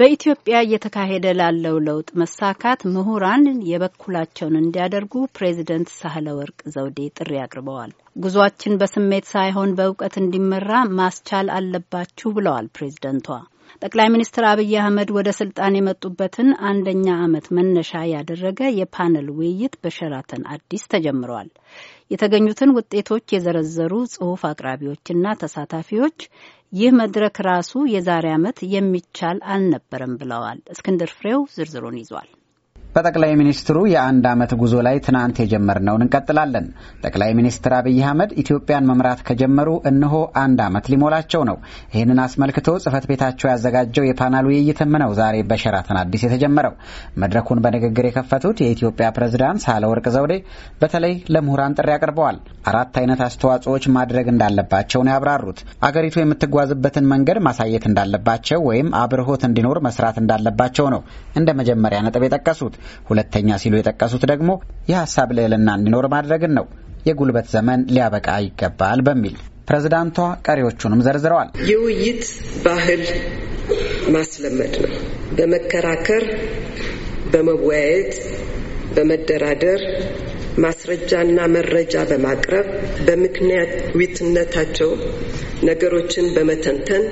በኢትዮጵያ እየተካሄደ ላለው ለውጥ መሳካት ምሁራን የበኩላቸውን እንዲያደርጉ ፕሬዚደንት ሳህለ ወርቅ ዘውዴ ጥሪ አቅርበዋል። ጉዟችን በስሜት ሳይሆን በእውቀት እንዲመራ ማስቻል አለባችሁ ብለዋል ፕሬዝደንቷ። ጠቅላይ ሚኒስትር አብይ አህመድ ወደ ስልጣን የመጡበትን አንደኛ ዓመት መነሻ ያደረገ የፓነል ውይይት በሸራተን አዲስ ተጀምረዋል። የተገኙትን ውጤቶች የዘረዘሩ ጽሑፍ አቅራቢዎችና ተሳታፊዎች ይህ መድረክ ራሱ የዛሬ ዓመት የሚቻል አልነበረም ብለዋል። እስክንድር ፍሬው ዝርዝሩን ይዟል። በጠቅላይ ሚኒስትሩ የአንድ ዓመት ጉዞ ላይ ትናንት የጀመርነውን እንቀጥላለን። ጠቅላይ ሚኒስትር አብይ አህመድ ኢትዮጵያን መምራት ከጀመሩ እነሆ አንድ ዓመት ሊሞላቸው ነው። ይህንን አስመልክቶ ጽህፈት ቤታቸው ያዘጋጀው የፓናል ውይይትም ነው ዛሬ በሸራተን አዲስ የተጀመረው። መድረኩን በንግግር የከፈቱት የኢትዮጵያ ፕሬዝዳንት ሳህለወርቅ ዘውዴ በተለይ ለምሁራን ጥሪ አቅርበዋል። አራት አይነት አስተዋጽኦዎች ማድረግ እንዳለባቸው ነው ያብራሩት። አገሪቱ የምትጓዝበትን መንገድ ማሳየት እንዳለባቸው ወይም አብርሆት እንዲኖር መስራት እንዳለባቸው ነው እንደ መጀመሪያ ነጥብ የጠቀሱት። ሁለተኛ ሲሉ የጠቀሱት ደግሞ የሀሳብ ልዕልና እንዲኖር ማድረግን ነው። የጉልበት ዘመን ሊያበቃ ይገባል በሚል ፕሬዝዳንቷ ቀሪዎቹንም ዘርዝረዋል። የውይይት ባህል ማስለመድ ነው። በመከራከር በመወያየት በመደራደር ማስረጃና መረጃ በማቅረብ በምክንያት ዊትነታቸው ነገሮችን በመተንተን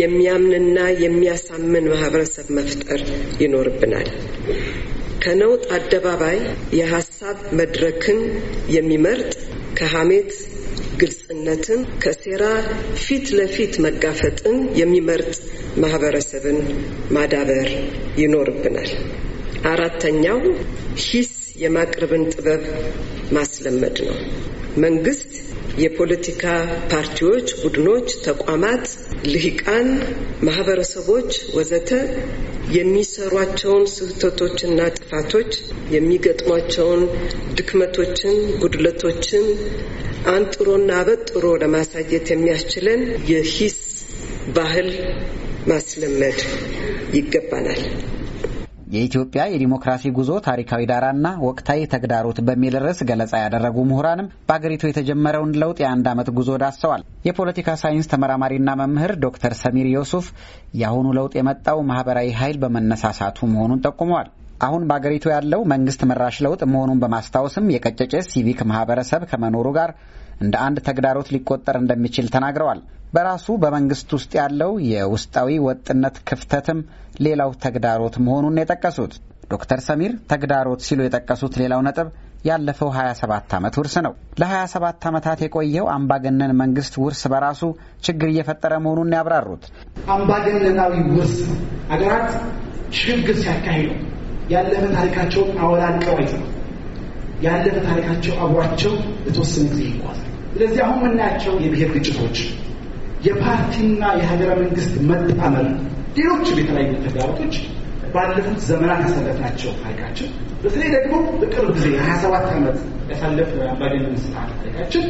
የሚያምንና የሚያሳምን ማህበረሰብ መፍጠር ይኖርብናል። ከነውጥ አደባባይ የሀሳብ መድረክን የሚመርጥ ከሀሜት ግልጽነትን፣ ከሴራ ፊት ለፊት መጋፈጥን የሚመርጥ ማህበረሰብን ማዳበር ይኖርብናል። አራተኛው ሂስ የማቅረብን ጥበብ ማስለመድ ነው። መንግስት የፖለቲካ ፓርቲዎች፣ ቡድኖች፣ ተቋማት፣ ልሂቃን፣ ማህበረሰቦች ወዘተ የሚሰሯቸውን ስህተቶችና ጥፋቶች የሚገጥሟቸውን ድክመቶችን፣ ጉድለቶችን አንጥሮና አበጥሮ ለማሳየት የሚያስችለን የሂስ ባህል ማስለመድ ይገባናል። የኢትዮጵያ የዲሞክራሲ ጉዞ ታሪካዊ ዳራና ወቅታዊ ተግዳሮት በሚል ርዕስ ገለጻ ያደረጉ ምሁራንም በአገሪቱ የተጀመረውን ለውጥ የአንድ ዓመት ጉዞ ዳሰዋል። የፖለቲካ ሳይንስ ተመራማሪና መምህር ዶክተር ሰሚር ዮሱፍ የአሁኑ ለውጥ የመጣው ማህበራዊ ኃይል በመነሳሳቱ መሆኑን ጠቁመዋል። አሁን በአገሪቱ ያለው መንግስት መራሽ ለውጥ መሆኑን በማስታወስም የቀጨጨ ሲቪክ ማህበረሰብ ከመኖሩ ጋር እንደ አንድ ተግዳሮት ሊቆጠር እንደሚችል ተናግረዋል። በራሱ በመንግስት ውስጥ ያለው የውስጣዊ ወጥነት ክፍተትም ሌላው ተግዳሮት መሆኑን የጠቀሱት ዶክተር ሰሚር ተግዳሮት ሲሉ የጠቀሱት ሌላው ነጥብ ያለፈው 27 ዓመት ውርስ ነው። ለ27 ዓመታት የቆየው አምባገነን መንግስት ውርስ በራሱ ችግር እየፈጠረ መሆኑን ያብራሩት አምባገነናዊ ውርስ አገራት ሽግግር ሲያካሂዱ ያለፈ ታሪካቸውን አወላልቀው አይተው ያለፈ ታሪካቸው አብሯቸው በተወሰነ ጊዜ ይጓዛል። ስለዚህ አሁን የምናያቸው የብሔር ግጭቶች፣ የፓርቲና የሀገረ መንግስት መጣመር፣ ሌሎች የተለያዩ ተግዳሮቶች ባለፉት ዘመናት ያሳለፍናቸው ታሪካችን፣ በተለይ ደግሞ በቅርብ ጊዜ የ27 ዓመት ያሳለፍ አምባገነን ስርዓት ታሪካችን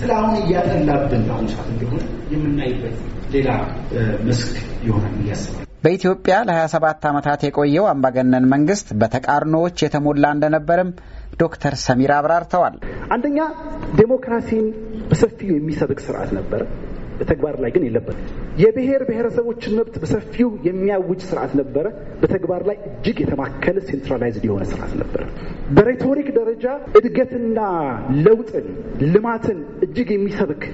ጥላውን እያጠላብን በአሁኑ ሰዓት እንደሆነ የምናይበት ሌላ መስክ ይሆናል እያስባል በኢትዮጵያ ለ27 ዓመታት የቆየው አምባገነን መንግስት በተቃርኖዎች የተሞላ እንደነበርም ዶክተር ሰሚር አብራርተዋል። አንደኛ ዴሞክራሲን በሰፊው የሚሰብክ ስርዓት ነበረ፣ በተግባር ላይ ግን የለበት። የብሔር ብሔረሰቦችን መብት በሰፊው የሚያውጅ ስርዓት ነበረ፣ በተግባር ላይ እጅግ የተማከለ ሴንትራላይዝድ የሆነ ስርዓት ነበረ። በሬቶሪክ ደረጃ እድገትና ለውጥን ልማትን እጅግ የሚሰብክ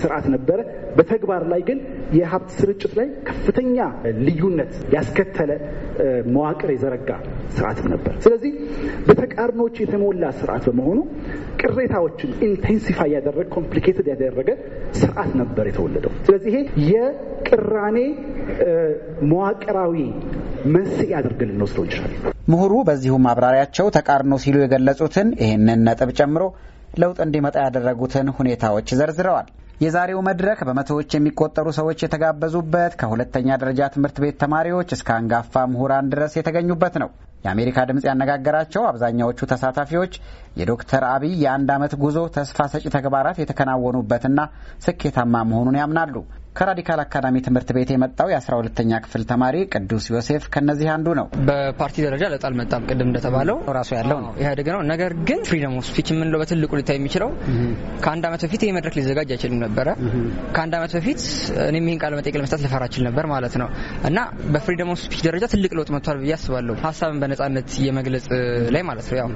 ስርዓት ነበረ። በተግባር ላይ ግን የሀብት ስርጭት ላይ ከፍተኛ ልዩነት ያስከተለ መዋቅር የዘረጋ ስርዓትም ነበር። ስለዚህ በተቃርኖች የተሞላ ስርዓት በመሆኑ ቅሬታዎችን ኢንቴንሲፋይ ያደረገ ኮምፕሊኬትድ ያደረገ ስርዓት ነበር የተወለደው። ስለዚህ ይሄ የቅራኔ መዋቅራዊ መንስኤ አድርገን ልንወስደው ይችላል። ምሁሩ በዚሁም ማብራሪያቸው ተቃርኖ ሲሉ የገለጹትን ይህንን ነጥብ ጨምሮ ለውጥ እንዲመጣ ያደረጉትን ሁኔታዎች ዘርዝረዋል። የዛሬው መድረክ በመቶዎች የሚቆጠሩ ሰዎች የተጋበዙበት ከሁለተኛ ደረጃ ትምህርት ቤት ተማሪዎች እስከ አንጋፋ ምሁራን ድረስ የተገኙበት ነው። የአሜሪካ ድምፅ ያነጋገራቸው አብዛኛዎቹ ተሳታፊዎች የዶክተር አብይ የአንድ ዓመት ጉዞ ተስፋ ሰጪ ተግባራት የተከናወኑበትና ስኬታማ መሆኑን ያምናሉ። ከራዲካል አካዳሚ ትምህርት ቤት የመጣው የአስራ ሁለተኛ ክፍል ተማሪ ቅዱስ ዮሴፍ ከነዚህ አንዱ ነው። በፓርቲ ደረጃ ለጣል መጣም ቅድም እንደተባለው ራሱ ያለው ነው ኢህአዴግ ነው። ነገር ግን ፍሪደም ኦፍ ስፒች የምንለው በትልቁ ሊታ የሚችለው ከአንድ አመት በፊት ይህ መድረክ ሊዘጋጅ አይችልም ነበረ። ከአንድ ዓመት በፊት እኔም ይህን ቃለ መጠይቅ ለመስጠት ልፈራ ነበር ማለት ነው እና በፍሪደም ኦፍ ስፒች ደረጃ ትልቅ ለውጥ መጥቷል ብዬ አስባለሁ። ሀሳብን በነጻነት የመግለጽ ላይ ማለት ነው። ያው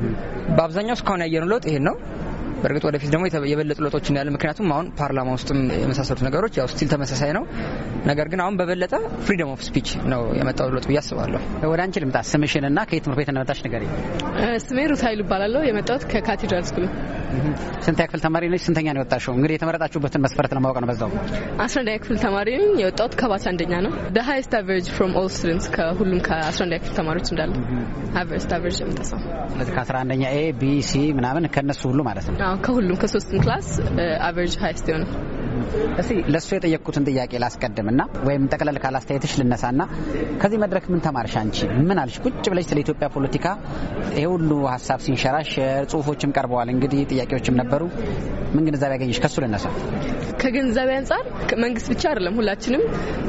በአብዛኛው እስካሁን ያየነው ለውጥ ይሄን ነው። በእርግጥ ወደፊት ደግሞ የበለጡ ለውጦች እንዳለ ምክንያቱም አሁን ፓርላማ ውስጥም የመሳሰሉት ነገሮች ያው ስቲል ተመሳሳይ ነው። ነገር ግን አሁን በበለጠ ፍሪደም ኦፍ ስፒች ነው የመጣው ለውጥ ብዬ አስባለሁ። ወደ አንቺ ልምጣ። ስምሽን እና ከየት ትምህርት ቤት እንደመጣሽ ንገሪኝ። ስሜ ሩት ኃይሉ እባላለሁ። የመጣሁት ከካቴድራል ስኩል። ስንት ክፍል ተማሪ ነች? ስንተኛ ነው የወጣሽው? እንግዲህ የተመረጣችሁበትን መስፈርት ለማወቅ ነው። በዛው አስራ አንደኛ ክፍል ተማሪ ነኝ። የወጣሁት ከባች አንደኛ ነው። ደ ሀይስት አቨሬጅ ፍሮም ኦል ስቱደንትስ ከሁሉም ከአስራ አንደኛ ክፍል ተማሪዎች እንዳለ ሀይስት አቨሬጅ የምታሳው ስለዚህ ከአስራ አንደኛ ኤ ቢ ሲ ምናምን ከእነሱ ሁሉ ማለት ነው ከሁሉም ከሶስቱም ክላስ አቨሬጅ ሀይስት የሆነ እስቲ ለእሱ የጠየቅኩትን ጥያቄ ና ወይም ጠቅለል ካላስተያየትሽ ልነሳና ከዚህ መድረክ ምን ተማርሽ? አንቺ ምን አልሽ? ቁጭ ብለሽ ስለ ኢትዮጵያ ፖለቲካ ይህ ሁሉ ሀሳብ ሲንሸራሸር፣ ጽሁፎችም ቀርበዋል፣ እንግዲህ ጥያቄዎችም ነበሩ። ምን ግንዛቤ ያገኘሽ? ከሱ ልነሳ። ከግንዛቤ አንጻር መንግስት ብቻ አይደለም፣ ሁላችንም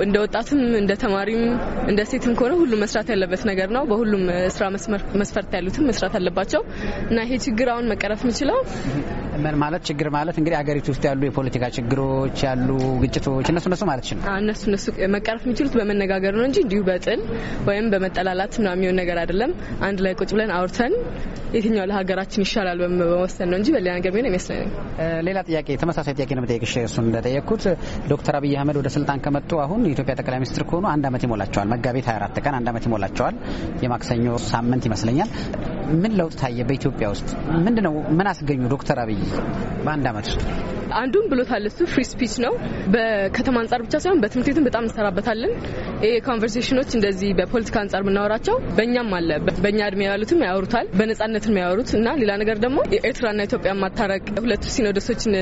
እንደ ወጣትም፣ እንደ ተማሪም፣ እንደ ሴትም ከሆነ ሁሉም መስራት ያለበት ነገር ነው። በሁሉም ስራ መስፈርት ያሉትም መስራት አለባቸው እና ይሄ ችግር አሁን መቀረፍ የሚችለው ምን ማለት ችግር ማለት እንግዲህ አገሪቱ ውስጥ ያሉ የፖለቲካ ችግሮች ያሉ ግጭቶች እነሱ እነሱ ማለት ነው። እነሱ እነሱ መቀረፍ የሚችሉት በመነጋገር ነው እንጂ እንዲሁ በጥል ወይም በመጠላላት ምናምን የሚሆን ነገር አይደለም። አንድ ላይ ቁጭ ብለን አውርተን የትኛው ለሀገራችን ይሻላል በመወሰን ነው እንጂ በሌላ ነገር ቢሆን አይመስለኝም። ሌላ ጥያቄ፣ ተመሳሳይ ጥያቄ ነው የምጠይቅሽ። እሱ እንደጠየቅኩት ዶክተር አብይ አህመድ ወደ ስልጣን ከመጡ አሁን የኢትዮጵያ ጠቅላይ ሚኒስትር ከሆኑ አንድ ዓመት ይሞላቸዋል። መጋቢት 24 ቀን አንድ አመት ይሞላቸዋል። የማክሰኞ ሳምንት ይመስለኛል። ምን ለውጥ ታየ? በኢትዮጵያ ውስጥ ምንድነው ምን አስገኙ? ዶክተር አብይ በአንድ አመት ውስጥ አንዱን ብሎታል እሱ ፍሪ ስፒች ነው። በከተማ አንጻር ብቻ ሳይሆን በትምህርት ቤትም በጣም እንሰራበታለን። ይሄ ኮንቨርሴሽኖች እንደዚህ በፖለቲካ አንጻር የምናወራቸው በእኛም አለ። በእኛ እድሜ ያሉትም ያወሩታል፣ በነጻነት ያወሩት እና ሌላ ነገር ደግሞ የኤርትራና ኢትዮጵያ ማታረቅ ሁለቱ ሲኖዶሶችን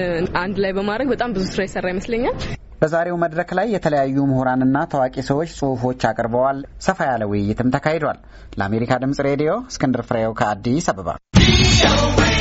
አንድ ላይ በማድረግ በጣም ብዙ ስራ የሰራ ይመስለኛል። በዛሬው መድረክ ላይ የተለያዩ ምሁራንና ታዋቂ ሰዎች ጽሁፎች አቅርበዋል። ሰፋ ያለ ውይይትም ተካሂዷል። ለአሜሪካ ድምጽ ሬዲዮ እስክንድር ፍሬው ከአዲስ አበባ